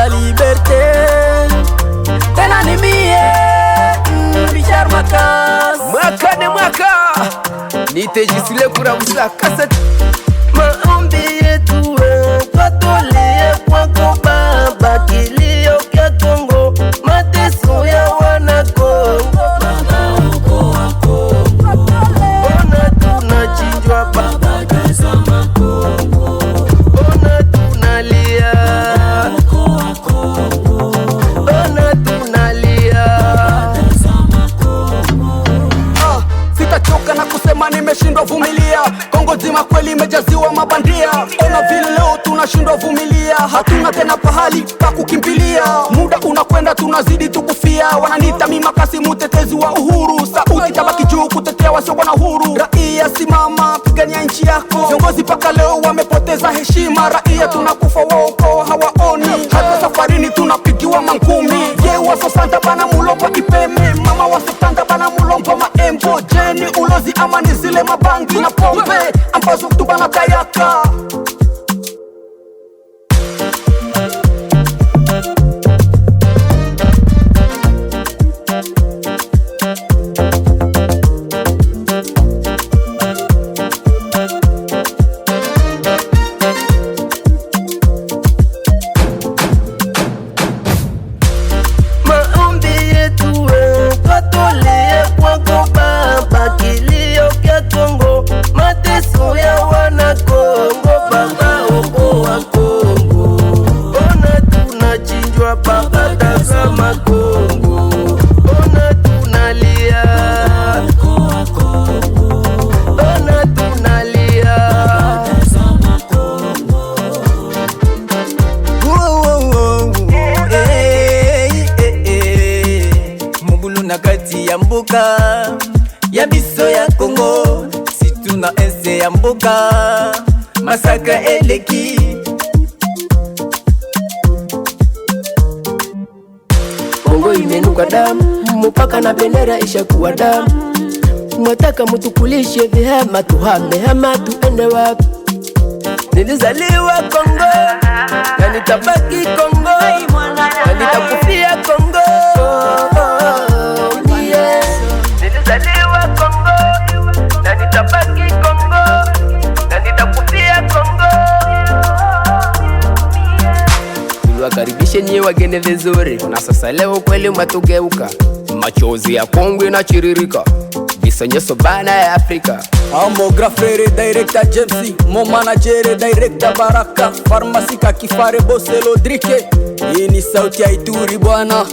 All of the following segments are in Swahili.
la liberté tena nimie richard mm, makas mwaka ne mwaka nitejisile kura busa kasete Noma, nimeshindwa vumilia. Kongo zima kweli imejaziwa mabandia. Ona vile leo tunashindwa vumilia, hatuna tena pahali pa kukimbilia. Muda unakwenda tunazidi tukufia. wananita mimi Makasi, mtetezi wa uhuru. Sauti tabaki juu kutetea wasiokuwa na uhuru. Raia simama, pigania nchi yako. Viongozi mpaka leo wamepoteza heshima. Raia tunakufa zile mabangi na pombe ambazo mtu banagayaka ya makongo mpona tunalia mpona tunalia mobulu na kati ya mboka ya biso ya kongo situ na este ya mboka masaka eleki yako imenuka damu, mupaka na bendera ishakuwa damu. Mwataka mutukulishe vihama, tuhame hama, tuende wapi? Nilizaliwa Kongo na nitabaki Kongo na nitakufia Kongo. Tuwafundisheni wageni vizuri, na sasa leo kweli mmetugeuka, machozi ya kongwe inatiririka, visenyeso bana ya Afrika. Ambografere director jemsi mo managere director Baraka farmasi ka kifare boselodrike. Hii ni sauti ya Ituri bwana.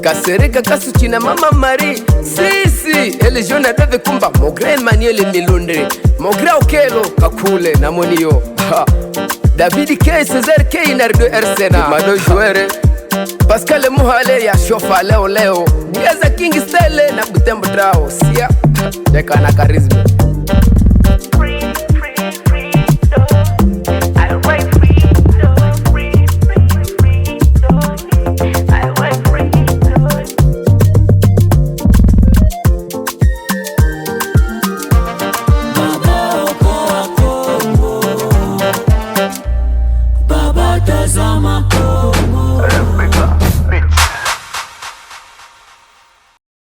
Kasereka Kasuchi na mama Mari sisi elijiona dave kumba Mogre Emmanuel Milundre Mogre Okelo Kakule na Monio David K, Cesar K, Nardo Ersena, Mano Juere, Pascal Muhale ya shofa leo leo, Niaza King Stele na Butembo sia Deka na Tazama como